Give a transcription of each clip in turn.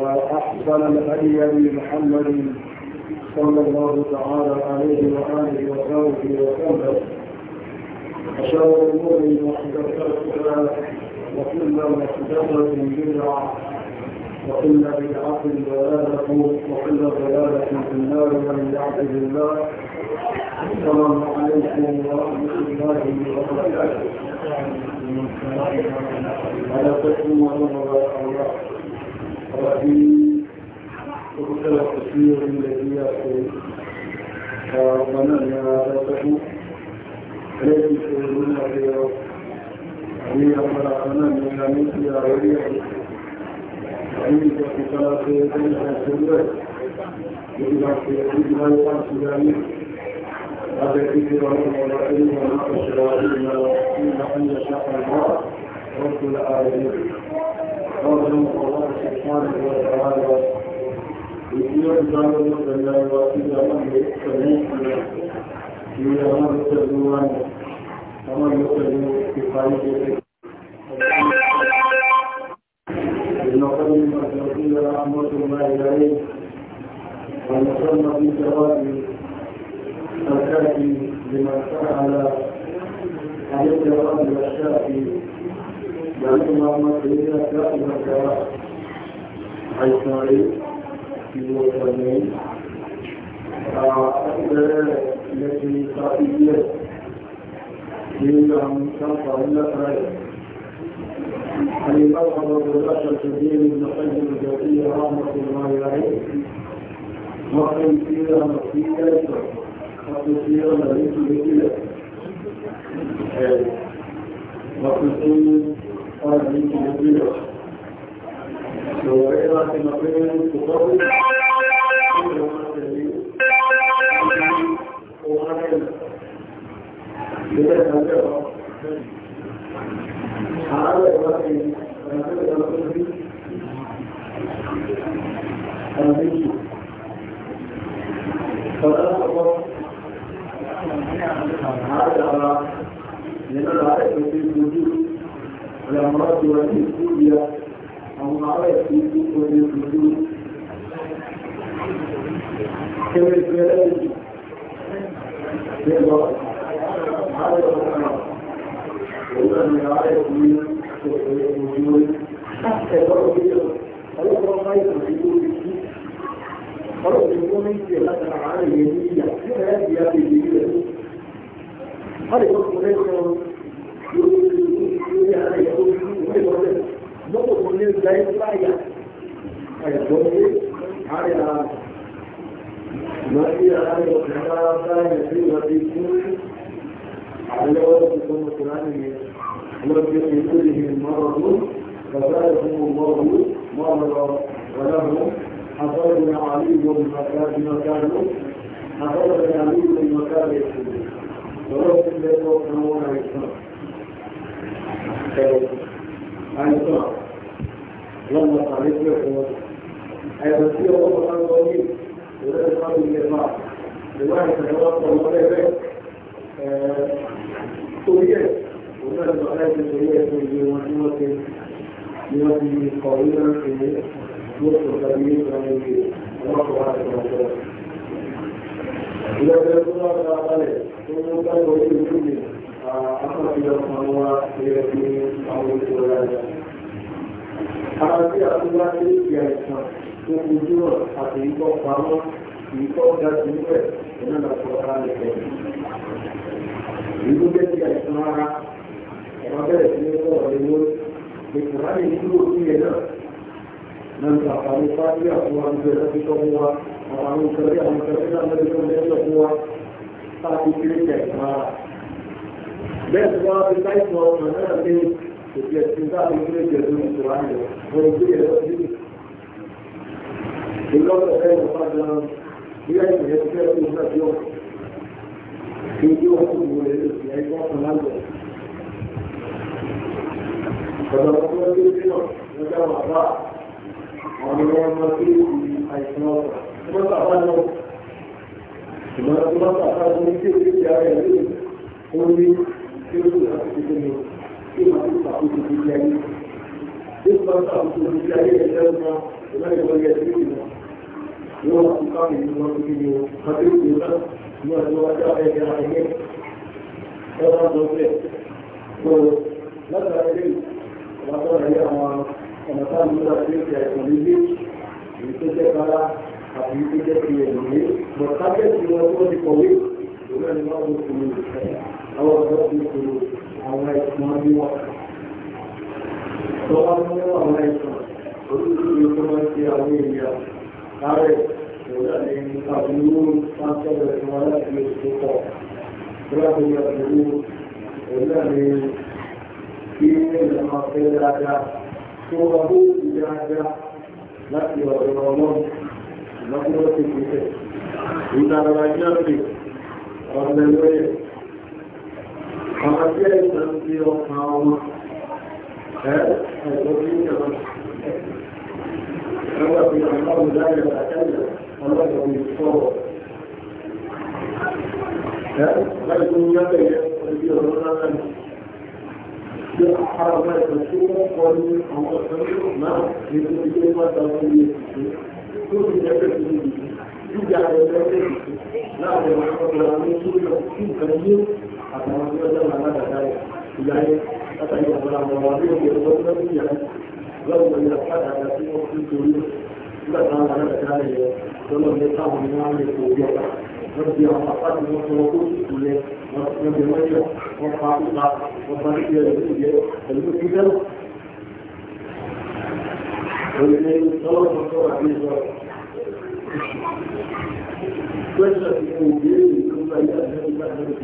وأحسن الهدي لمحمد صلى الله تعالى عليه وآله وصحبه وسلم وشر الأمور محدثاتها وكل محدثة بدعة وكل بدعة ضلالة وكل ضلالة في النار من يعبد الله السلام عليكم ورحمة الله وبركاته. على تسليم الله الرحيم وكثر التشمير الذي يأخذ فربنا أن عادته التي تقولون غيره هي خلقنا من مثل غيره وعند خلق يدين حسنات وإذا سيكون لا يقصد ذلك هذا كثير من العلم ونقص العلم إلا أن يشاء الله رب العالمين قوله وقال سبحانه وتعالى يقول الله جل وعلا إذا لم يتميز في أمر التدوان أمر التدوان في قائد ابن قيم الجوزية رحمة الله عليه ونصرنا في جواب الكافي لمن سأل عن الجواب الشافي لأن اللهم سيدنا كائنك عيساري في الوطنين التي صائبية لأن تنفع لك المرحبا بالرأس الكبير ابن قيم الجوزية رحمة الله عليه وقم فيها مسيرة وقم فيها مريض بكلة وقم para en ثم كمان مرض من كلهم مرض فزادهم المرض مرضا ولهم حفظنا علي بما كانوا حفظنا علي بما كانوا يكسبون ورب الله سبحانه وتعالى عن الصعب لما تعرف له أي بسيء الله سبحانه وتعالى ولا يصاب بالإطلاق لواحد تتوقع ولا يبقى torí ẹ̀ òun náà lọ láì fi torí ẹ̀ fún iye wọn tí wọ́n ti ní wọ́n ti kọ̀wé náà ṣe ní lóṣù tàbí ní ìgbà ní ìgbè ọlọ́pàá wà lọ́wọ́ lọ́wọ́. ìlọ́gbẹ́ tó wà lọ́wọ́ balẹ̀ tó mú káwọn orí ìlú mi akọ́sílẹ̀ kan wá ilẹ̀ ní àwọn oṣù ọ̀làjà. ara tí a tún bá ní ìgbà ìsàn tó fojú hàn àti ìtọ́ pamọ́ ìtọ́ ga jù níbẹ̀ ìnáwó ọ̀rá nìkan èyí tó jẹ́ ti àìsàn ara ẹ̀rọ bẹ̀rẹ̀ sí ní sọ̀rọ̀ lé lórí ìtura lè dúró sí ẹ̀ náà náà ní àfààní fáájú àti wọn àti ẹ̀rọ títọ́ fún wa àwọn àwọn ìtọ́jú àwọn ìtọ́jú náà lórí tó ń bẹ́ẹ̀ fún wa láti kéré ti àìsàn ara bẹ́ẹ̀ tí wọ́n fi sáìsàn ọkàn náà ní òkè ẹ̀sìn láti kéré ti ẹ̀sìn ìtura lè wọ́n ń gbé ẹ̀rọ sí ìlọ́pẹ̀ ẹ̀rọ ìdí ọkùn ìwọ̀n èdè sí ẹgbẹ́ ọkùn lágbẹ̀. Ọ̀dọ̀ ọkùn ọdún tí náà lọ́jọ́ bàbá àwọn ọmọ ọmọ tí ìlú àìsàn ọkọ̀ ní ọdún ọjọ́ ẹgbẹ́ ayé ọjọ́ tó fẹ́ tó lọ́sọ̀rọ̀ ilé ìwọ́sọ̀ rẹ̀ àwọn ọ̀nà táwọn ìlú àti ìṣẹ̀ ẹ̀sùn nílé èyí tó jẹ́ kára àti èyí tó jẹ́ ti ẹ̀rù ní bọ̀tákẹ́ tí wọ́n tó ti kọ̀wé ìlú ẹni máa ń kúrò àwọn ọ̀dọ́ ti kúrò àwọn ẹ̀sùn ọdún wọn. Tọ́wọ́ mú àwọn ẹ̀sùn orí ìlú tó máa ń ṣe àwọn èèyàn المقابلون خاصة الحوالات للسلطات رغم المقابلون والذي في المقابلات صوره إجازة لكن الرمضان مقبولة في كتاب إذا رأينا في رغم الوئي خاصة التنسي والحرام هذا الوئي كمان هو في أمر ذلك أتكلم ọlọ́dọ̀ ní sọ́ọ̀ láti ní yọ́bẹ̀ yẹ orí ọ̀rọ̀ náà ní ṣe àpárá mẹ́rin tí wọ́n kọ́ ní àwọn ọ̀sán náà ní tó ti gbé mọ́ta fún iye ìṣẹ́ tó ti jẹ́ pé kí ní ìjà rẹ̀ lẹ́yìn ìṣẹ́ láàrin ọ̀sán náà ní tó lọ sí ìkan yé àtàwọn tí wọ́n dáná látàdá ìyá yẹ látàrí ọ̀sán àwọn ọmọ ọdún ìgbẹ̀rún lọ́wọ́ lọ́wọ́ ìyá lọ́wọ́ ìyá nígbà táwọn alágbàtà rẹ̀ lọ́nà ilé táwọn ní wọ́n lè kó orí ọ̀pá wọ́n ti àwọn apá tí wọ́n fọwọ́ kó tutù rẹ̀ wọ́n ti wọ́n yọ wọ́n pa pípa wọ́n bá ti rẹ̀ lórí ìyẹ́ pẹ̀lú tó kíkẹ́ lọ. Olùdé lọ́wọ́ tó tọ́ àbí ìjọ. Pẹ́sẹ̀ ti kò béèrè ìjọba ilé àjẹ́gbà náà.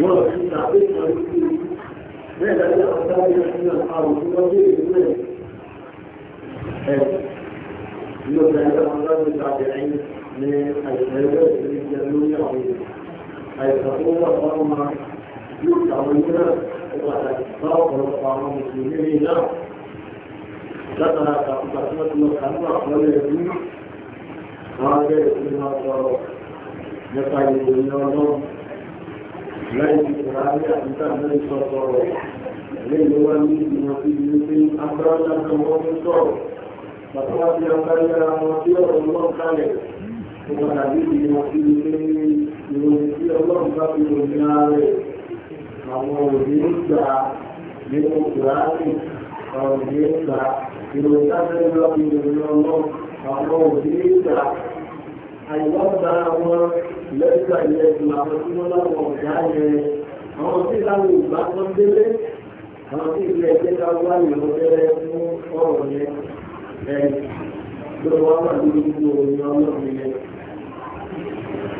Wọ́n ti tàbí ìjọba Bẹ́ẹ̀ ni àwọn ọ̀dọ́ ayé ọ̀sán àwọn òṣìṣẹ́ ọdún ìlú rẹ̀. يبدا هناك التابعين من الشهادات هناك العظيمه حيث تقول اللهم يستعملون وتتصرف وتطعم المسلمين له ذكر لكن هناك ولا يزيد هذا يسمى يقال لهم لا يجب عليه ان تهمل الصلاه ليل ومن وفي مثل امرا لهم لكن صوت وقال لنا مصير المنخلق ونبيه مصيره يمسي الله في النار àwọn òbí ń gbà nínú kùránì àwọn òbí ń gbà nínú sáfẹ́lá ìrìnà ọmọ àwọn òbí ń gbà àìwọ́gbà wọn lẹ́gbà ilẹ̀ ìlànà tí wọ́n láwọn ọ̀gá yẹn àwọn tí láwọn ìgbà kan délé àwọn tí ilẹ̀ ẹgbẹ́ ká wá ìrọ̀lẹ́rẹ́ fún ọ̀rọ̀ yẹn بالرغم من وجود المؤمن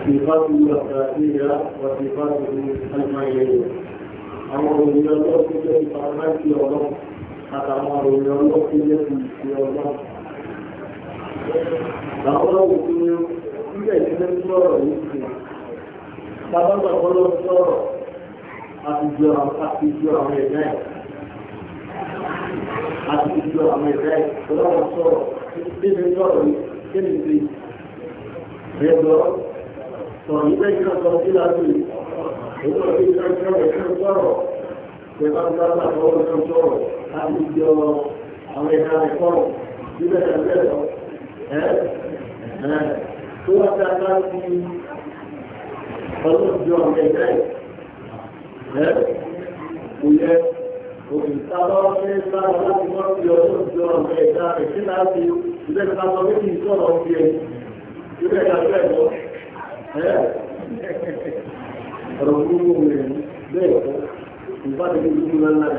صفات الذاتية وصفات المعنوية أمر من الله في فرمان في الله حتى أمر من الله في يد في الله Àwọn òfin ilẹ̀ ìṣẹ́ sọ̀rọ̀ yìí sábàbà ọlọ́sọ̀rọ̀ àtijọ́ àwọn ẹ̀dá ẹ̀ àti ìjọ àwọn ẹ̀rẹ́ ọlọ́run sọ̀rọ̀ nínú sọ̀rọ̀ nínú ìgbé rẹ̀ lọ sọ̀rọ̀ nígbẹ́ ìjọ sọ sí láti ìjọ sí ìjọ ìjọ ìjọ sọ̀rọ̀ pẹ̀lú àwọn ọlọ́run sọ̀rọ̀ ìjọ sọ̀rọ̀ àti ìjọ àwọn ẹ̀rẹ́ rẹ̀ sọ̀rọ̀ níbẹ̀ ẹ̀rẹ́ lọ tó wá sí apá sí ọlọ́run jọ àwọn ẹ̀rẹ́ kò yẹ òkùnkàlọ́ ní sára láti mọ́ sí ọdún ìjọ ọ̀rọ̀ ẹ̀dá rẹ̀ sí láti ilé ìta sọ pé kí n sọ̀rọ̀ fi ẹ̀ ilé ìta fẹ́ lọ. ọ̀rọ̀ gbogbo rẹ̀ bẹ́ẹ̀ kọ́ ìbáde ní gbogbo náà láì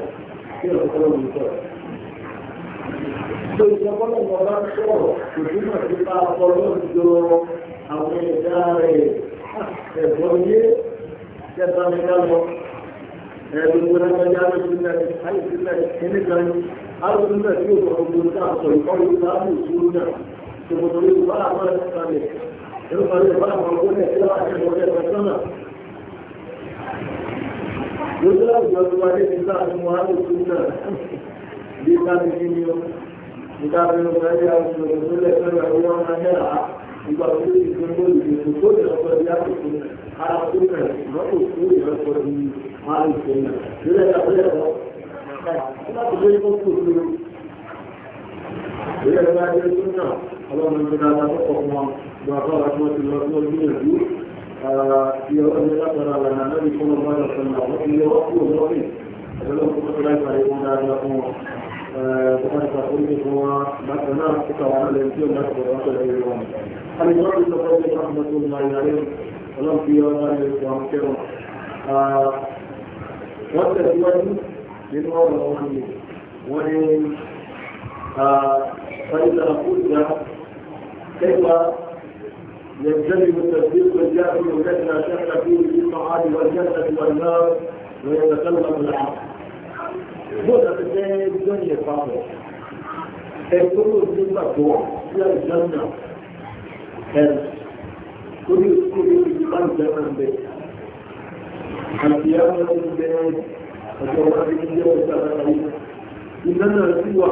kí ọ̀rọ̀ kọ́ lóun sọ̀rọ̀. Ìjọba ọlọ́run bá ń sọ̀rọ̀ kò túmọ̀ sí bá ọkọ̀ lóòjọ́ àwọn ẹ̀dá rẹ̀ ẹ̀bọ̀n yé kẹta mi ká lọ ẹ̀ẹ́dùnmọ́ra ẹ̀yà lọ́sílẹ̀ àìsílẹ̀ ẹ̀nìkan arúgbó tí ó sọ̀rọ̀ gbogbo náà sọ ìkọ́lù láàbù ìṣúrú náà tó mọ̀ torí ìwà àwọn ìsàlẹ̀ ẹ̀rọ kan lè bá àwọn ọgbọ́n ẹ̀ṣẹ́ láti ẹ̀rọ ẹ̀ṣẹ́ sọ́nà. lójú àwùjọ tó wáyé ní láàbù wọn á lè tún náà bí káàbí kí ni ó bí káàbí ló máa yá àwùjọ tó lẹ̀ fẹ́rẹ̀ ọwọ́ máa yára ìgbà tó ti fi gbogbo ìdìbò tó lè lọ́kọ̀ọ́ máa ń ṣe ní ilé ìtàkùnlé ẹ̀kọ́ láti lé ní kókó ìlú ilé ìlú ajé tó náà ọlọ́run ti dáadáa tó pọ̀ fún wọn gba fọ́ra tí wọ́n ti lọ sí ojú ìlú ti ọ̀rọ̀ ní látara àlànà lórí fún ọmọ ọmọ ọmọ ọmọ ilé wọn kú òun lọ́rìn ẹ̀rọ lọ́kùn tó láì ọmọ ilé wọ́n tẹ̀síwájú nínú ọ̀rọ̀ wọn ni wọ́n ní فإذا قلنا كيف يجلب التصديق الجاهل وجدنا شك فيه في المعاد والجنة والنار ويتكلم العقل. هذا في الدنيا فاضل. الخروج من مكة إلى الجنة. كل كل من جنة بيت. àtìyàwó ẹni bẹ́ẹ̀ ọjọ́ wa ti jẹ́ ọjọ́ àgbáyé iná náà sí wà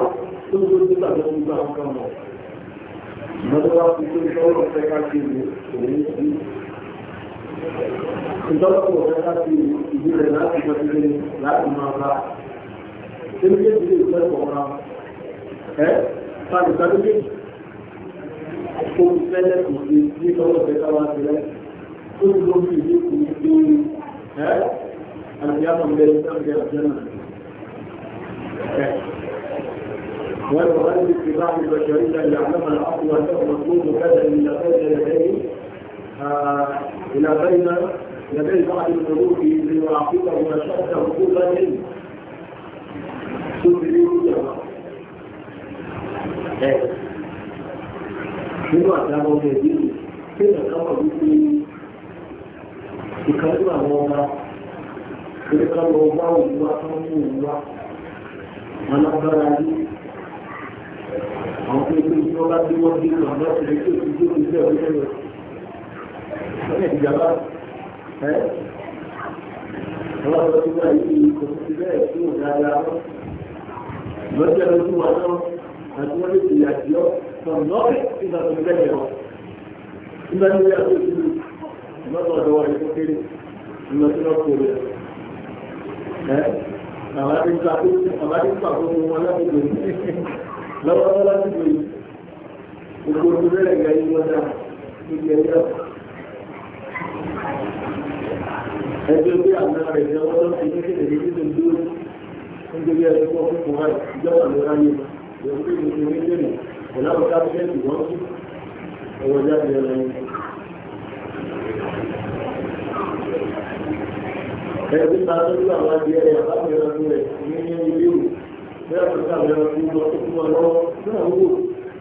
tó tó tó tàbí ọdún bá ń kàn mọ́ ìmọ́tò wa fi tó ìṣọ́rọ̀ ọ̀fẹ́ káàkiri òun sí ìjọba kò fẹ́ láti ìdí rẹ̀ láti mọ ìdílé láti máa bá ṣébíkẹ́ ìdílé ìfẹ́ kọ̀ọ̀kan ẹ́ sáàlù sáàlùkẹ́ kò fẹ́ lẹ́kùn sí ní ọlọ́fẹ́ káwá ti rẹ̀ tó ti lóbi ها القيامة من الإسلام إلى الجنة والمؤلف في بعض البشرية اللي يعلمها العقل وأنه مطلوب كذا إلى بين يديه إلى بين يدي بعض الملوك ليعاقبه وشد حقوق العلم شوف ليه نínú àti àwọn ọmọ ẹbí rẹ kéèyàn káwọn wípé ìkan nínú àwọn ọba pé ká lọ bá òun wá tó ń mú òun wá alágbára yìí àwọn tó ń gbé ìjọba bá bí wọ́n bí kan lọ́sẹ̀ lè tó ti gbé ìjọba ìjọba ìjọba lọ́nà ìjàmbá ẹ́ ọlọ́run tó wà yìí kò sí bẹ́ẹ̀ tó ò dáadáa lọ́jọ́ lójú wa náà àti wọ́n lè tèyà jọ sọ̀rọ̀ lọ́ọ̀rẹ́ nígbà bẹ́ẹ̀ lọ nígbà tó yà lọ́dọ̀ ọ̀dọ̀ rẹ̀ tó kéré nínú tí wọ́n kó rẹ̀ ẹ́ àwọn àti ìgbà tó àwọn àti ìgbà tó mú wọn láti gbèrú lọ́wọ́ láti gbèrú gbogbo ojú rẹ̀ gẹ̀ yí wọn dá níbi ẹ̀yẹ ẹgbẹ́ bí àná rẹ̀ jẹ́ wọ́n lọ́wọ́ ti ní kéde ní títí dúró nítorí ẹ̀rọ pọ̀ fún fún wáyé ìjọba ló ráyè lọ́wọ́ ẹgbẹ́ ta tó ní àwọn adìẹ rẹ̀ àbámi ẹran rẹ̀ ní ní ilé ìlú bẹ́ẹ̀ tó ká àwọn ẹran tó lọ tó fún wọn lọ́wọ́ náà wò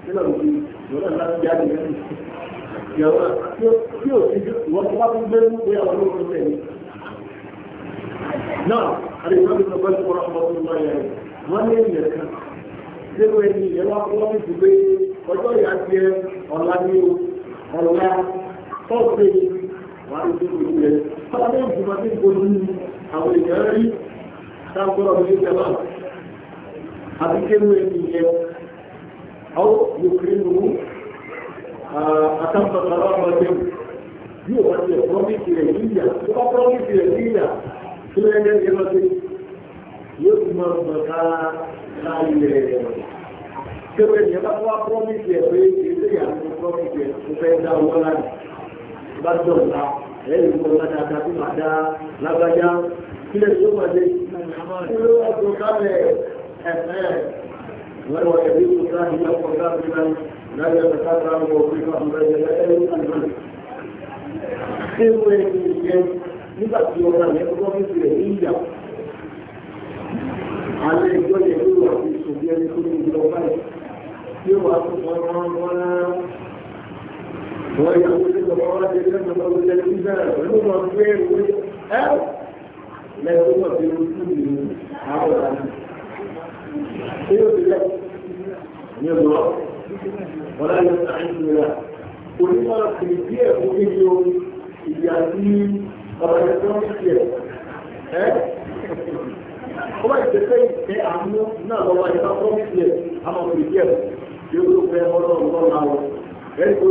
nígbà tó ti lọ́nà láti jáde lẹ́nu ìyàwó tí ò ti wọ́n tó bá fún bẹ́ẹ̀ mú pé àwọn olóòtú tẹ̀lé. náà àdìgbò tó lọ bẹ́ẹ̀ kọ́ra ọmọ tó lọ yẹn wọ́n ní ìyẹn kan nínú ẹni ìyẹn fún wọn fi ọjọ́ ìyá tiẹ̀ ní ọ̀la tọ́ọ̀tì wàá ní Fọ́lábẹ́ ìjọba tí kò ní àwọn èèyàn rí sáàkọ́rọ̀ ní ìjọba. Àti kéwú ẹni yẹ, ọ́ Ukraine wú, àtàkọ̀tàrà ọmọdé yóò wá sí ọ̀pọ̀lọpìtì rẹ̀ níyà, tó bá pọ́lọpìtì rẹ̀ níyà, tó lẹ́yẹ ní ọdún yóò tún máa mọ̀ ká láàyè rẹ̀. Kéwú ẹni yẹ bá wá pọ́lọpìtì rẹ̀ pé ìdílé àti pọ́lọpìtì rẹ̀ tó fẹ́ dá lẹ́yìn tó kọjá dáadáa tó máa dá lágbájá kí lè tó máa dé kí ló wà tó kálẹ̀ ẹ̀fẹ́ wọ́n wọ́n ẹ̀rí tó ká ní ọkọ̀ káàkiri náà lábẹ́ ọ̀tá tó ń wọ orí fún ọmọ ẹgbẹ́ ẹ̀rí àná. Ṣé wọ́n ẹni yẹn nígbà tí ọ̀rọ̀ rẹ̀ kọ́kọ́ fi rẹ̀ ní wà tó ní ìjọba rán ويقول المرأة لما قول الإنسان ولما غير أو لا هو في رسول عبر عنه إيه بالله يضرب ولا يستعين بالله ولما خلفية فوقيه اليتيم أو يكون خير ها ọba ìtẹ́tẹ́ ìtẹ́ àánú náà lọ́wọ́ ìtàkùn ìtẹ́ àwọn òbí díẹ̀ yóò ló fẹ́ ọlọ́run lọ́la wọn ẹ̀kọ́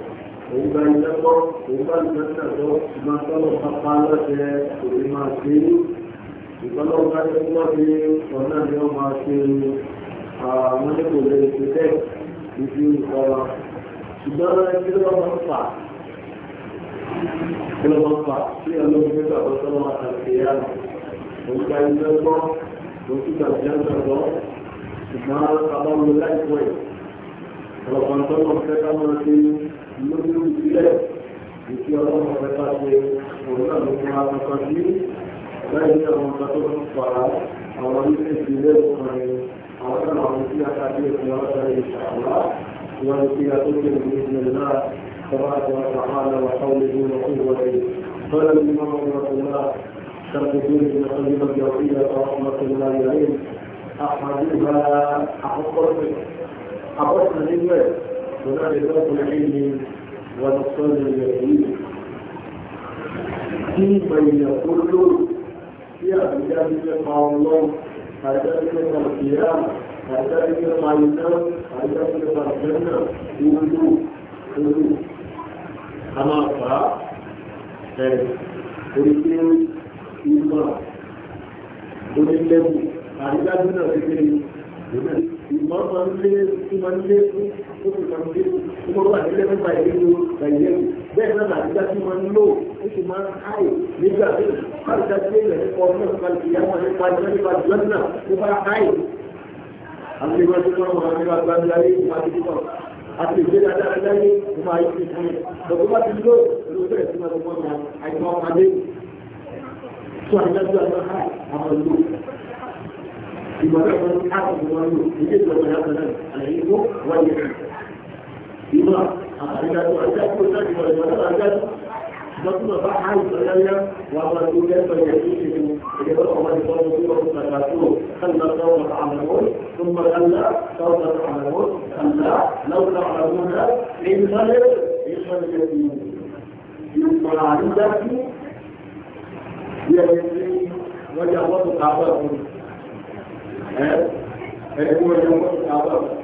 òun gba iṣẹ́ kọ́ òun bá iṣẹ́ tẹ̀sọ́ ìgbà tọ́lọ̀ pápá lọ́sẹ̀ òun máa ṣe é ìgbọ́lọ́ bá ṣe ń lọ́ sí ọ̀nà ni wọ́n máa ṣe àwọn oníkò lè ṣe bẹ́ẹ̀ ìfi ọ̀rọ̀ ṣùgbọ́n kí lórí ìpínlẹ̀ ìfi ọlọ́run ọ̀rẹ́ta ṣe òun náà ló fún ara kan sí lẹ́yìn tí àwọn ọ̀gá tó tún fà á àwọn ilé ìpínlẹ̀ ọkùnrin àwọn náà àwọn tí a ká bí ẹ̀sìn ọlọ́run ìṣàlá wọn ni kí a tó ṣe ìgbésẹ̀ náà تبارك وتعالى وقوله وقوته قال الامام رحمه الله شرط الدين بن قيم الجوزيه رحمه الله عليه احمدها احقت احقت العلم هناك ذات العلم ونصلي اليقين فيمن يقول في أبيات الله أدرك القيامة أدرك القيامة أدرك الجنة قولوا قولوا أما قرأ قلت ìmọ̀ onílẹ̀bù àrídájú náà kékeré ìmọ̀ máa ń lé fún oṣù kan lé o mo wà nílé nípa ìlú nàìjíríà bẹ́ẹ̀ náà làbíjá tí wọ́n ń lò ó sì máa ń háì nígbà tó àbíjá tí èèyàn nípa ọdún náà nípa ìyáwó nípa ìyá nípa ìjọ náà ó bá háì. àwọn ìwé tí wọ́n wà nípa gbangba yé ìwà tó kọ̀ àti ìwé dáadáa láyé ìwà yìí ti fún mi. lọ́kọ́ bá ti lò ló bẹ̀rẹ̀ sí máa gbọ́ ma àìmọ́ ọmọdé. tó àbíjá tí wọ́n háì àwọn ìlú ìgbàlódé wọn á ìmọ̀ àtàrídájú àjájú ìjájú ìjọba àjájú ìjọba bá hàn ìjọdáyá wà wà tó lẹ́sọ̀ yẹ tó ṣe mú ìjọba ọmọ ìjọba tó lọ sí àgbàdo kàlá sọ́wọ́ àmàwọ́ tó mọ̀ kàlá sọ́wọ́ àmàwọ́ kàlá lọ́wọ́ àmàwọ́ náà ní ìmọ̀lẹ́ ìṣọ̀lẹ̀ yẹ ti mú ìmọ̀ àrídájú yẹ ti wọ́n jẹ́ àwọn tó kà á bá wọn. Ẹ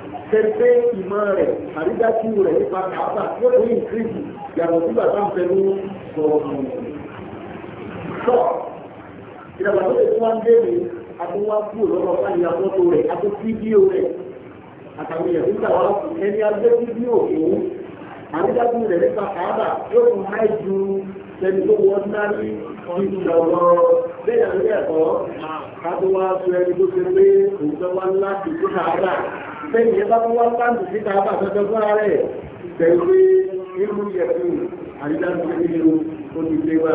tẹ́gbẹ́ ìmọ̀ rẹ̀ àrídájú rẹ̀ nípa kàábà tí ó ní ìkírìtì yàtọ̀ sígbà tá ń pẹ̀lú sọ̀rọ̀ sọ ìdàgbà tó lè fún wa ń dèrè àtúnwá kúrò lọ́wọ́ fáyà fọ́tò rẹ̀ àti fídíò rẹ̀ àtàwọn èèyàn nígbà wa ẹni agbé fídíò òun àrídájú rẹ̀ nípa kàábà yóò fún máì ju ẹni tó wọ́n náà ní ìjọ lọ bẹ́ẹ̀ ni bẹ́ẹ̀ni ẹ bá tó wá sáàmù síta bá tọ́jọ́ fún ara rẹ̀ pẹ̀lú irú yẹ̀kú àrídájú pé nínú ó ti gbé wa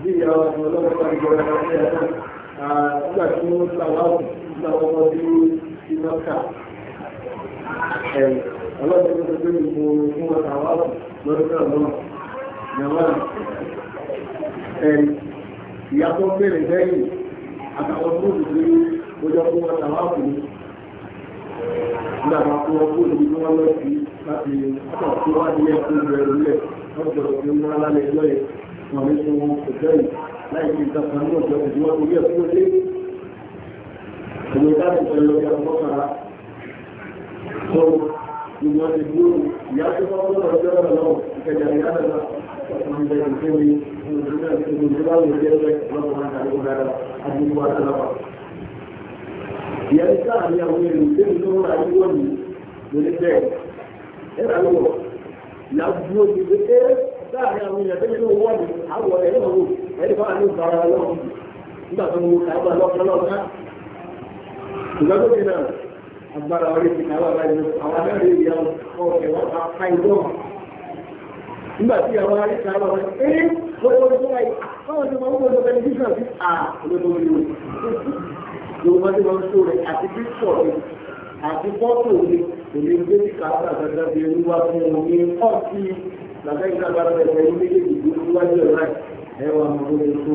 bí ìyá ọlọ́pàá tó ń gbọ́ra sí ẹ̀kọ́ nígbà tí wọ́n sàwá nígbà ọkọ̀ sí ìmọ̀ká ọlọ́pàá tó gbé mi mo fún wọn sàwá lọ́dún náà lọ́nà yàrá ìyá tó ń bèrè lẹ́yìn àtàwọn tó ń gbé ojú ọkọ̀ wọn sàwá kù nígbà máa kó wọn kó níbi tí wọ́n lọ sí láti ọ̀pọ̀ tí wọ́n adìyẹ fún ìrẹ̀ ìrúlẹ̀ wọ́n gbọ́dọ̀ fi mú alálẹ̀ ẹjọ́ yẹn wọn ní fún wọn kò fẹ́ yìí láì fi ìtàn kan ní ọjọ́ ìdíwọ́n torí ẹ̀ fún ọdẹ. Òwe láti sọ lọ ya ọkọ kara. Sọ gbogbo ọdẹ dúró ìyá tó bá wọ́n lọ sọ́rọ̀ ìkẹjà ìyá lọ́la ọ̀sán ìjẹ ìfẹ́ mi ìrìnàjò ìjọba ìjọba ìjọba ìjọba ìjọba ìyẹn sáàrin àwọn èrò tí ń lọ́wọ́ ayé wọ́n ní lórí bẹ́ẹ̀ ẹ̀rọ lọ́wọ́ làbúrò ti fi ké sáàrin àwọn èèyàn tó ń lọ́wọ́ wọ́n ní àwọ̀ ẹ̀rọ lọ́wọ́ ẹ̀rọ bá ní ìbára lọ́wọ́ nígbà tó ń wo káàbà lọ́kọ́lọ́ká ṣùgbọ́n tó ti náà agbára orí ti káàbà báyìí àwọn abẹ́rẹ́ ìyá ọ̀kẹ́ wọn ká ká ìjọ nígbà tí àwọn arí káàbà wọn ẹ́ lọ́wọ́ tó wáyé báwọn ti máa ń wọ́n lọ tẹlifíṣàn sí à ah, olódó yorùbá tí wọ́n sọ rẹ̀ àti bíṣọ̀ rẹ̀ àti fọ́tò rẹ̀ kò ní gbé ní kàtà àgbàdà bí ẹni wá fún wọn ní ọ̀sì làbẹ́ ìjọba rẹ̀ pẹ̀lú méjèèjì tó ń wájú ẹ̀ láì ẹwà àwọn ètò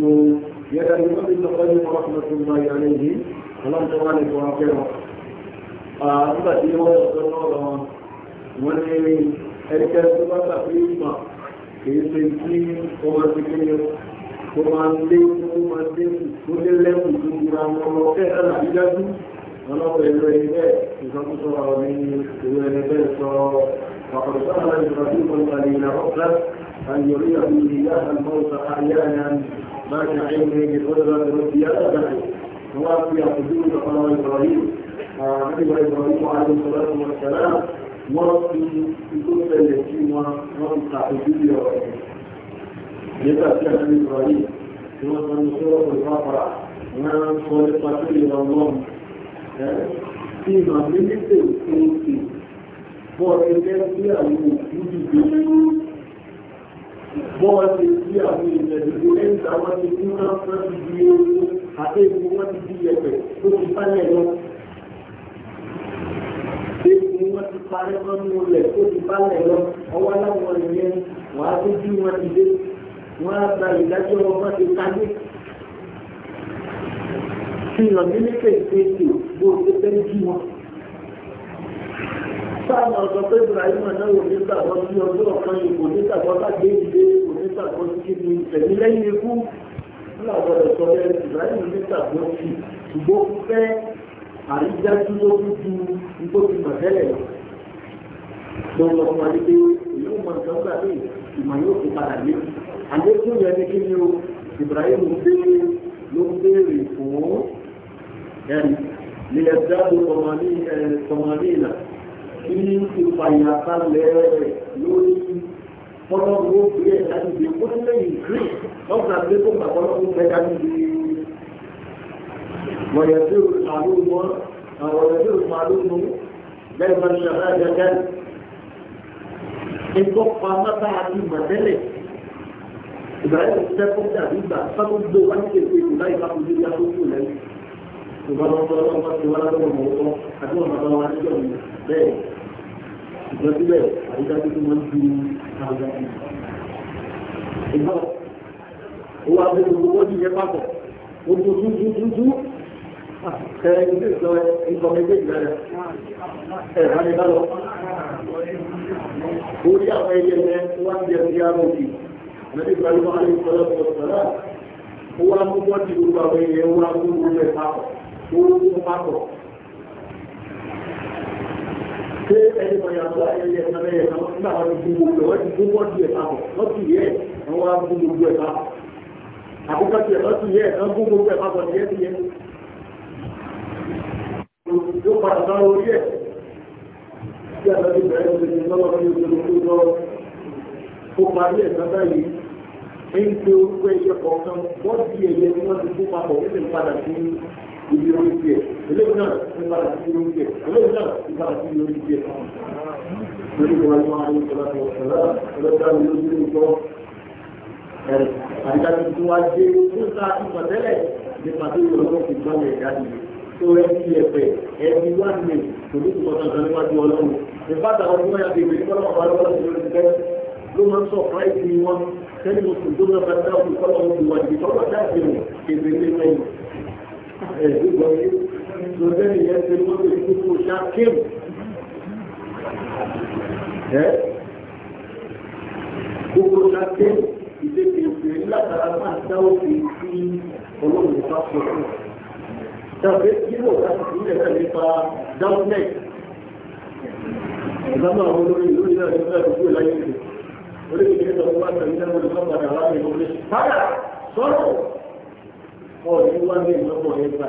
yẹ́dá ní wọ́n ti lọ pẹ́lú ọmọkùnrin tó ń bá yà lẹ́yìn ọlọ́mọdé wà ní ìfọwọ́ fẹ́ wọn. nígbà tí wọ́n sọ lọ́rọ̀ wọn ní ẹnikẹ́ni tó bá gbà pé ìmọ̀ kì í ṣe kí ọmọ ti kí tó máa ń lé tó máa lé tó lé lẹ́kùn tó gbúra wọn lọ fẹ́ ẹ̀rọ àbídájú ọlọ́pàá ẹ̀rọ ẹni bẹ́ẹ̀ ìsọkúsọ ọ̀rọ̀ ní ìwé ẹni bẹ́ẹ̀ sọ ọ̀pọ̀lọpọ̀ àwọn ìgbàgbọ́ ìgbàlẹ̀ ìlà ọ̀pẹ́ àyọ̀rí àbí ìyá àmọ́ta àyáyá máa ń ṣe ní ìfọ́dọ̀dọ̀ ìrọ̀bí alágbàdì wọ́n wá fi àpòjú ìjọba ìbọ̀rọ̀yìn àti ìbọ̀rọ̀yìn àti ìbọ̀rọ̀yìn wọ́n fi ìgbóṣẹ̀lẹ̀ sí wọn wọ́n ń ta àpòjú ìrọ̀rọ̀ nígbà tí a ti sọ yìí tí wọ́n sọ ní sọ́rọ̀ pẹ̀lú pápá wọ́n á sọ nípa tó lè rọ lọ́rùn tí ìmọ̀ mínísẹ̀ òkú òkè bọ́ ẹgbẹ́ sí àwọn òkú dìde bọ́ ẹgbẹ́ sí àwọn ìrẹ̀lẹ̀ ẹ̀ńtà wọ́n ti kú náà fẹ́ ti di ewu àti ti dé wọ́n á gba ìdájọ́ ọgbọ́n ti kájú. Fi hàn mí ní kéèkéèké bó o ṣe fẹ́ jí wọn. Sáàmù ọ̀sán pé Ibrahim náà ò ní gbàgbọ́ sí ọjọ́ ọ̀kan yìí kò ní gbàgbọ́ bá gbé ìdè kò ní gbàgbọ́ sí kí ni ẹ̀mí lẹ́yìn ikú. Nígbà gbọdọ̀ sọ bẹ́ẹ̀ Ibrahim ní gbàgbọ́ sí ṣùgbọ́n fẹ́ àrídájú lórí ju nítorí màtẹ́lẹ̀ lọ. Mo lọ fún pé ìlú mọ̀ọ́dọ́gbà lè ìmọ̀ yóò fi padà lé àlékún yẹn ní kí ni o Ibrahim béèrè ló béèrè fún ẹni ní ẹ̀dá tọmọlẹ́nà kí ni ìfàyà kalẹ̀ rẹ̀ lórí fọlọ́run ó gbé ẹ̀dá níbi ó ní lẹ́yìn gírí lọ́sàn án lékún àfọlọ́run mẹ́ta níbi wọ̀nyẹ̀dẹ́ òṣàlùmọ́ àwọn ọ̀yẹ̀dẹ́ òṣàlùmọ́ bẹ́ẹ̀ máa ń ṣàlàyé ẹ̀dá ìtọ́pamọ́ta àti mọ̀tẹ́lẹ̀ ìbáyé ti sẹ́kọ̀ọ́ dàbí ìgbà sábà gbó wá ní kéde ìgbà ìgbà kò ní yàtọ̀ kù lẹ́yìn ìgbà wọn bọ́ wọn bá ti wá lọ́wọ́ mọ̀ ọ́ àti wọn bàbá wa níjọ́ mi bẹ́ẹ̀ ìgbọ́n síbẹ̀ àyíká tó tún wọn ju àwọn ìgbà ó wá bó gbogbo wọn ti yẹ papọ̀ ó tó tún tún tún tún ẹ ilé ìlọ ìkọ̀mẹ́gbẹ́ ìgbà rẹ̀ ẹ̀ wá ní bá lọ. orí àwọn ẹyẹ yẹn wá ń jẹ sí àròkì. Nàbí Ibrahim Alayhi Salatu Wasala, ó wá mú bọ́ọ̀dì gbogbo àwọn èèyàn wá mú gbogbo ẹ̀ papọ̀, ó mú papọ̀. Ṣé ẹni kan yàtọ̀ ẹni ẹ̀ka mẹ́yẹ̀ kan nígbà wọn ti gbogbo ẹ̀ wọ́n ti gbó bọ́ọ̀dì ẹ̀ papọ̀, wọ́n ti yẹ ẹ̀ wọ́n á gbó gbogbo ẹ̀ papọ̀. Àkókò tiẹ̀ wọ́n ti yẹ ẹ̀ wọ́n gbó gbogbo ẹ̀ papọ̀ ń pe orúkọ ẹyẹ kọ̀ọ̀kan wọ́n ti ẹyẹ tí wọ́n ti kó papọ̀ wọ́n sì ń padà sí ibi orí tiẹ̀ eléyìí náà ti padà sí ibi orí tiẹ̀ eléyìí náà ti padà sí ibi orí tiẹ̀. lórí ìwà ìwà àwọn ìṣẹ̀lẹ̀ tó ṣẹlẹ̀ ọlọ́dà mi ló dúró gbọ́. àdìgbà tuntun wa dé fún sáà ti pàtẹ́lẹ̀ nípa tó yọ ọlọ́ fi gbọ́ ẹ̀dá yìí tó ẹ ti ẹ̀fẹ̀ ẹni wá ní tòlú tó kọ̀ọ̀tàn kan níwájú ọlọ́run ìfàtà ọdún mẹ́ta كلمة دون فتاة طلعوا من وجهي طلع تأثير كيف يتمين سودان يأثير وجه يكون شاكم Gbogbo ṣáké ìdíje òṣèré látara máa dáwọ́ fi sí olóòwò bá sọ̀rọ̀. Tàbí kílò láti ìpínlẹ̀ náà nípa dáwọ́ mẹ́ẹ̀. Ìgbàmọ̀ àwọn olórí ìlú ìlú ìlú ìlú ìlú ìlú ìlú orílẹ̀-èdè tó wà pẹ̀lú ẹgbẹ́ olùkọ́mọ̀ àwọn ìlú rẹ̀ padà sọ́rọ̀ ọ̀ ní wá ní ìlọ́pọ̀ rẹ̀ padà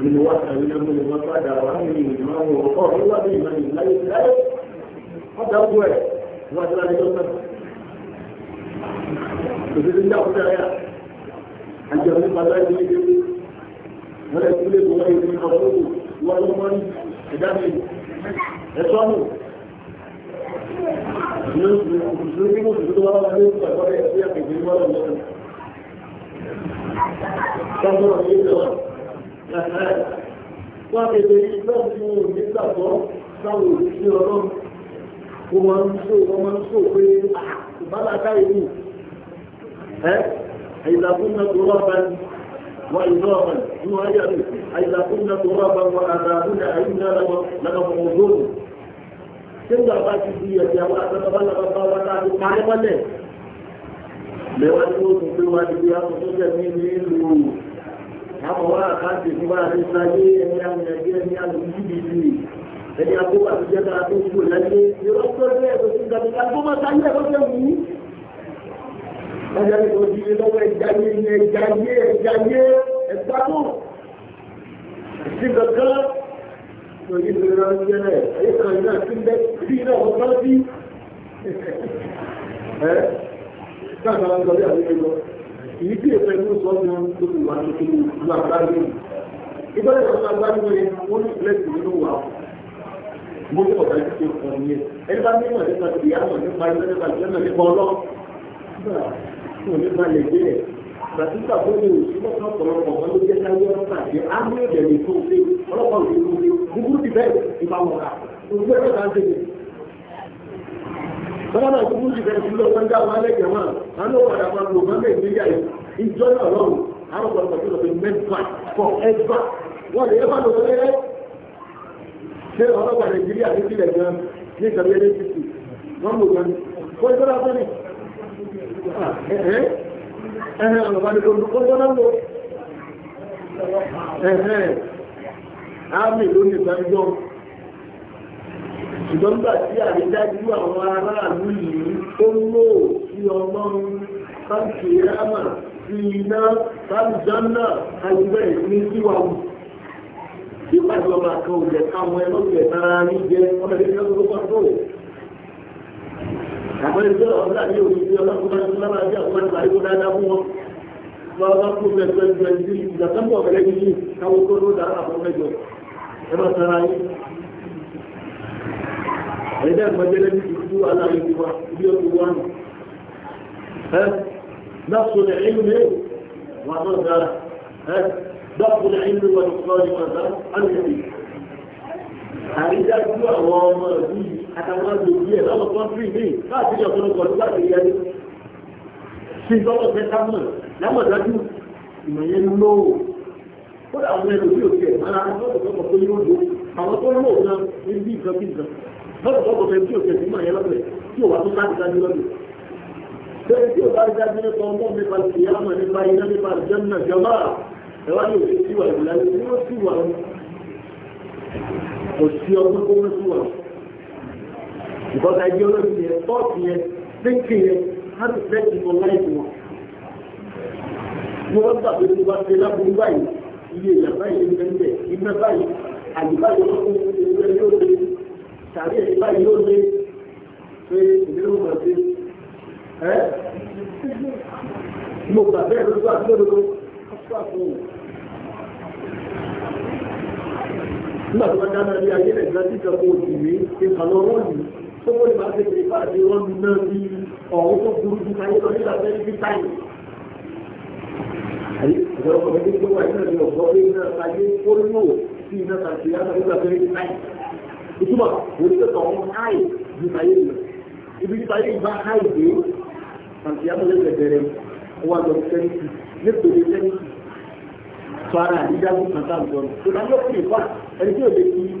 nínú wá pẹ̀lú ẹgbẹ́ olùkọ́ padà wà ní ìlọ́pọ̀ ọ̀ ní wá ní ìlọ́pọ̀ láyé láyé ọ̀dà ọ̀gbọ̀ ẹ̀ wọ́n ti láyé lọ́pọ̀ òṣèlú ní àkúrẹ́ rẹ̀ àjọ ní padà ní ilé wọ́n lè kúlé kó wáyé ní ọ̀pọ̀ wọ́n lọ́mọ́ ẹ̀dá mi ẹ̀sọ́nù Wọ́n ti bèèrè lọ́pùú nígbàgbọ́ sáwọn òṣìṣẹ́ ọlọ́run, ó máa ń sọ wọ́n máa ń sọ nígbà bá ti di ẹ̀sẹ̀ àwọn àtọ́tọ́bálàbá wá láti parí mọ́lẹ̀ lẹ́wà tí ó tún pé wá ti di àtọ́tọ́jẹ́ ní ìlú àmọ́wá àkáǹtì fún bá ti sáyé ẹni àmì ẹ̀jẹ̀ ẹni àmì jìbìtì ẹni àkóbá ti jẹ́ kára tó kúrò lẹ́yìn ìrọ́pọ̀ ní ẹ̀sọ́ sí ìgbàgbé àgbó máa sáyé ẹ̀rọ tẹ̀ wù ú. ọjà ní ojú ilé lọ́wọ́ ẹja yé ẹja yé ẹja yé ẹgbàgbọ́ sí kankan lórí ìlera oúnjẹ rẹ̀ ayé kan iná sílẹ̀ sí iná ọ̀pọ̀ sí ẹ́ káàkiri àwọn ọ̀dọ́ àti ìlọ ìyí tí èso ẹni sọ ọ́ gan tó ti wà ní kíkú ní àgbáyé ìgbàlẹ̀ ìwọ̀n àgbáyé rẹ̀ wọ́n ní ìlẹ́sìn nínú wa mo ní ọ̀dà tí ó kàn ní ẹni bá mímọ̀ nípa ìyá mọ̀ nípa ìlẹ́sìn nípa ìlẹ́sìn nípa gbàdúgbà tó lè òṣìṣẹ́ kan ọ̀pọ̀lọpọ̀ kan ló jẹ́ sáyé ọ̀pá àti ámì ìbẹ̀rẹ̀ tó ṣe ọlọ́pàá òṣèlú ṣe gbogbo ti bẹ́ẹ̀ ìbáwọ̀ ká gbogbo ẹ̀rọ kan ṣe bọ́lá náà gbogbo ti bẹ̀rẹ̀ sílẹ̀ wọ́n dá wọn lẹ́jẹ̀ wọn àwọn náà padà máa lò wọ́n lẹ́yìn níyà ìjọ náà lọ́rùn àwọn ọ̀pọ̀lọpọ̀ tó lọ fi mẹ́fà fọ ẹgbà wọ́n lè yẹ́fà lọ lẹ́yẹ ṣé ọlọ́pàá nàìjíríà ní sílẹ̀ gan ní ìkàwé ẹlẹ́sìtì wọ́n lò gan kó ìjọba tó ní. ẹ̀hẹ́ ọ̀nà olùkọ́ tó náà lọ ẹ̀hẹ́ àmì ló yìí tó lò sí ọmọ káàkì rámà sí iná sáàlùjánà àìgbẹ́ ìpín síwá ìpàdé ọmọ àkànlẹ̀ káwọn ẹlọ́gbẹ̀ẹ́ jẹ́ ọmọdé àpẹẹrẹ tó ọ̀rọ̀ náà ní òṣìṣẹ́ ọlọ́pàá tó lára ní àwọn ọmọdé àríkò dáadáa fún wọn lọ bá kú bẹ pẹ̀lú ẹni tí ìdàtọ́pọ̀ ọ̀rẹ́ yìí ní káwọn tó ló dára fún mẹ́jọ ẹ bá sara yìí ẹ̀dá ìgbàjẹ́lẹ́ ní ìlú aláàrẹ ti wá ibi ọdún wá nù ẹ dákun ní ẹ̀yìn mi wà náà dára ẹ dákun ní ẹ̀yìn mi wà ní ọ̀rọ̀ ìwà dára á lè rí àrídájú àwọn ọmọ ìlú yìí àtàwọn agbègbè ẹ̀ láwọn kọ́ńtírì míì káàkiri ọ̀pọ̀lọpọ̀ nígbà tí yẹn ṣe tọ́lọ̀ fẹ́ sámọ̀ lámọ̀dájú ìmọ̀ yẹn ń lò ó kódà àwọn ẹlò bí òkè ara lọ́pọ̀lọpọ̀ tó yóò lò àwọn tó lò náà ní bí nǹkan bí nǹkan lọ́pọ̀lọpọ̀ fẹ́ bí òkè sí mọ̀ yẹn lọ́pẹ̀ tí ò wá tó láti dájú lọ́pẹ̀ bẹ́ẹ̀ tí ò bá dájú nípa ọmọ nípa ìyáàmọ̀ nípa iná nípa ìjọ́nà jọba ẹ̀wá ní òkè síwà ìlànà tí ó síwà kò sí ọgbọ́n tó ń síwà because ideology yẹn thought yẹn thinking yẹn how to set it for life wọn. mo bá gbà pé mo bá ṣe lábúrú báyìí iye ìyá báyìí ló ń bẹ́ẹ̀ bẹ́ẹ̀ iná báyìí àyíká yóò tó ń ṣe yóò lé tàbí ẹ̀yìn báyìí yóò lé pé ìdílé wọn máa ṣe ẹ́ mo gbà bẹ́ẹ̀ lójú àti lódodo ọ̀ṣọ́ àfọwọ́. nígbà tó bá dáná ní ayé nàìjíríà tí ìjọba òjì mi ti kàn tó wọ́n lè máa ṣe pé ìpàdé wọn ní náà bí ọ̀hún tó burú ju táyé lọ nígbà tó ń fi táyé. Àyè ìjọba ọ̀gbẹ́ tó wà nínú ìlú ọ̀gbọ́n pé iná táyé ó lò sí iná tàbí iná nígbà tó ń fi táyé. Ìtumọ̀ wọ́n ti tọ̀ wọn háì ju táyé lọ. Ibi tí táyé ìbá háì dé, tàbí iná lè bẹ̀rẹ̀ wà lọ sẹ́ńtì nítorí sẹ́ńtì. Fara àdídágún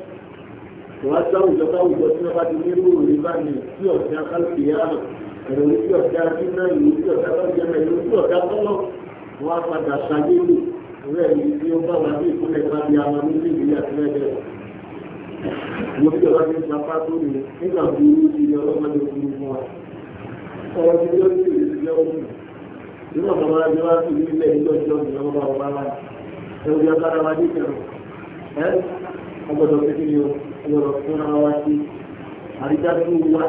wọ́n á sáwùjọ sáwùjọ tí wọ́n bá ti ní lóòrò ní bá ní tí ọ̀sẹ̀ akálùkì yá lọ ẹ̀rọ ní tí ọ̀sẹ̀ akínà ìlú tí ọ̀sẹ̀ akálùkì yá lọ tí ọ̀sẹ̀ akọ́lọ̀ wọ́n á padà ṣàyé lò rẹ̀ ní tí ó bá wà ní ìpínlẹ̀ ìpàdé àwọn ní ìlú àti lẹ́gbẹ̀ẹ́ mo fi ọ̀rọ̀ ní ìjàpá tó ní nígbà tó ní ti di ọlọ́mọdé òfin fún wa ọ̀rọ̀ ti yọ sí ìlú ìjọ òfin nígbà tó máa jẹ́ wá sí ilé ìjọ ìjọ ìjọba ọba wa ẹ̀rọ ìjọba ara wa dé kẹrù ọgbọ́dọ̀ kékeré o ọgbọ́dọ̀ fúnra wa sí àrídájú wa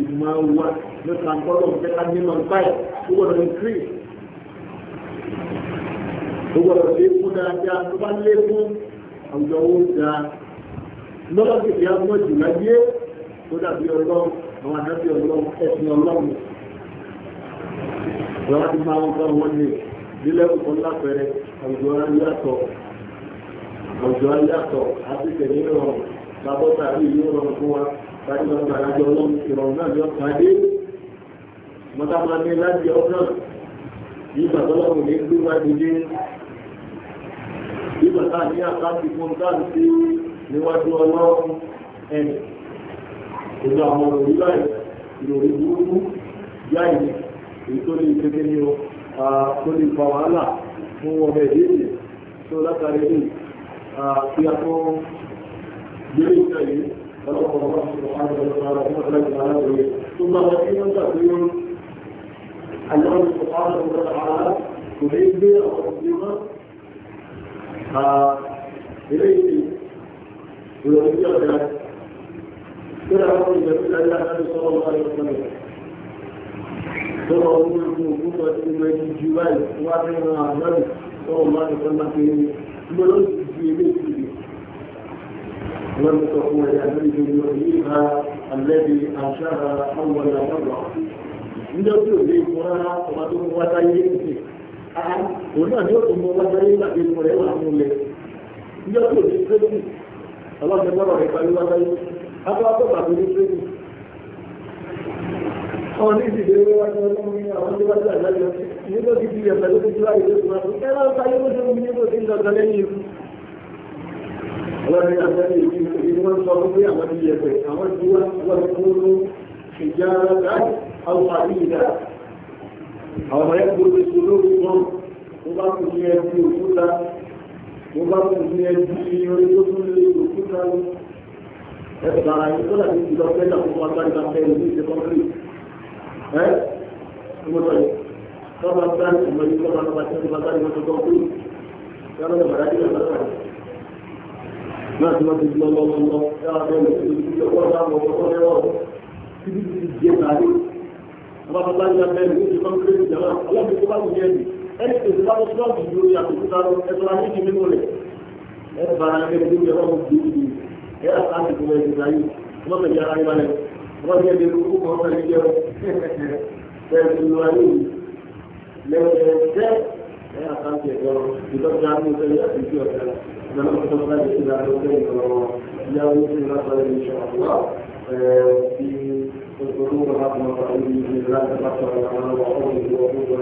ìmọ̀ wa nípa gbọ́dọ̀ kẹta mímọ̀ báyìí ó gbọ́dọ̀ increase ó gbọ́dọ̀ lé fún dáadáa tó bá lé fún àwùjọ owó dáa lọ́dọ̀ kìkì agbọ́n jù láyé tó dàbí ọlọ́run àwọn àdábí ọlọ́run ẹ̀sìn ọlọ́run ọlọ́run ti máa ń bá wọn ní ilé ẹ̀kọ́ lápẹẹrẹ àwùjọ ayé àtọ̀ ọjọ́ yàtọ̀ àtìkẹ̀ nínú ọ̀rọ̀ lábọ́ta àbí ìlú ọ̀rọ̀ fún wa láti lọ gbà lájọ ọlọ́run ìrọ̀rùn náà yọ pàdé mọ́tà máa ní láti ọ̀rọ̀ yìí bàtọ́lọ́run ní gbé wá dìde bí bàtà ní àkáàtì fún táàlù sí níwájú ọlọ́run ẹnì ìlú àwọn òrí láì ìròrí burúkú yáì ní èyí tó lè kékeré ní o tó lè fa wàhálà fún ọmọ ẹ̀dẹ́ tó látàrí ìlú في أقوم جريد شيء فلقد الله سبحانه وتعالى مخرج هذه ثم وكيل تقديم الله سبحانه وتعالى تريد بي أو تقديمه إليه ويرجع ذلك كلا أمر جميل إلى النبي صلى الله عليه وسلم ثم أمور الموجودة في الجبال وأمر النبي صلى الله عليه وسلم في الملوك بمثله لم تكن يدرج يحييها الذي انشاها اول مره nígbà tí ò lè fún rárá ọba tó mú wáta yé nìkè àá òun náà ni ó tún mú wáta yé láti fún rẹ wà fún lẹ nígbà tí ò lè fún mi ọlọ́run lọ́rọ̀ rẹ pẹ̀lú wáta yé abọ́ àtọ́gbà tó lè fún mi. ọ̀hún ní ìdílé wọn wá ní ọdún mi àwọn tó bá tó àgbáyé nígbà tí ìdílé ọ̀sán ló ti dúró àyè tó ti máa fún ẹ wọ́n ní àtẹ́lẹ̀ ìdí wọ́n sọ fún pé àwọn ti yẹ̀pẹ̀ àwọn ti wá wọ́n kúrú ìjára láti àwọn àrí ìdá àwọn ọmọ ẹgbẹ́ orí tó lórí wọn wọ́n bá kù ní ẹbí òkúta wọ́n bá kù ní ẹbí orí tó tún lé òkúta lọ ẹ̀sùn ara yìí tó dàbí ìlọ pẹ́lú àwọn ọmọ agbára pẹ́ ìlú ìṣe ìmọ̀ ìṣọ́ba náà tí wọ́n ti lọ lọ lọ dáadọ́ lọ sí ìdílé ọgbọ́n dáadọ́ ọgbọ́n lẹ́wọ́ títí ti jẹ́ tàbí abáfọ́lá ní abẹ́ ní oṣù kan kéré ìjọba ọlọ́run tó bá wù yẹn ni ẹni tó ti bá wọ́n tó ti lórí àtúntà lọ ẹ̀tọ́ la méjì nínú rẹ̀ ẹ bára ẹni tó yẹ wọ́n gbé ìlú ẹ àtàkì tó yẹ ìgbà yìí wọ́n fẹ̀ yára ẹ balẹ̀ wọ́n yẹ lè kó kọ́ fẹ́ yẹ ọ bẹ́ẹ̀ ti lọ ayé yìí lẹ́wọ̀n ẹ̀ tẹ́ ẹ àtàkì ẹ̀jọ̀ ìtọ́jú àmì da noi sono stati da tempo abbiamo visto in una storia di ciò diciamo, eh, di questo lungo fatto una parte di grande fatto alla mano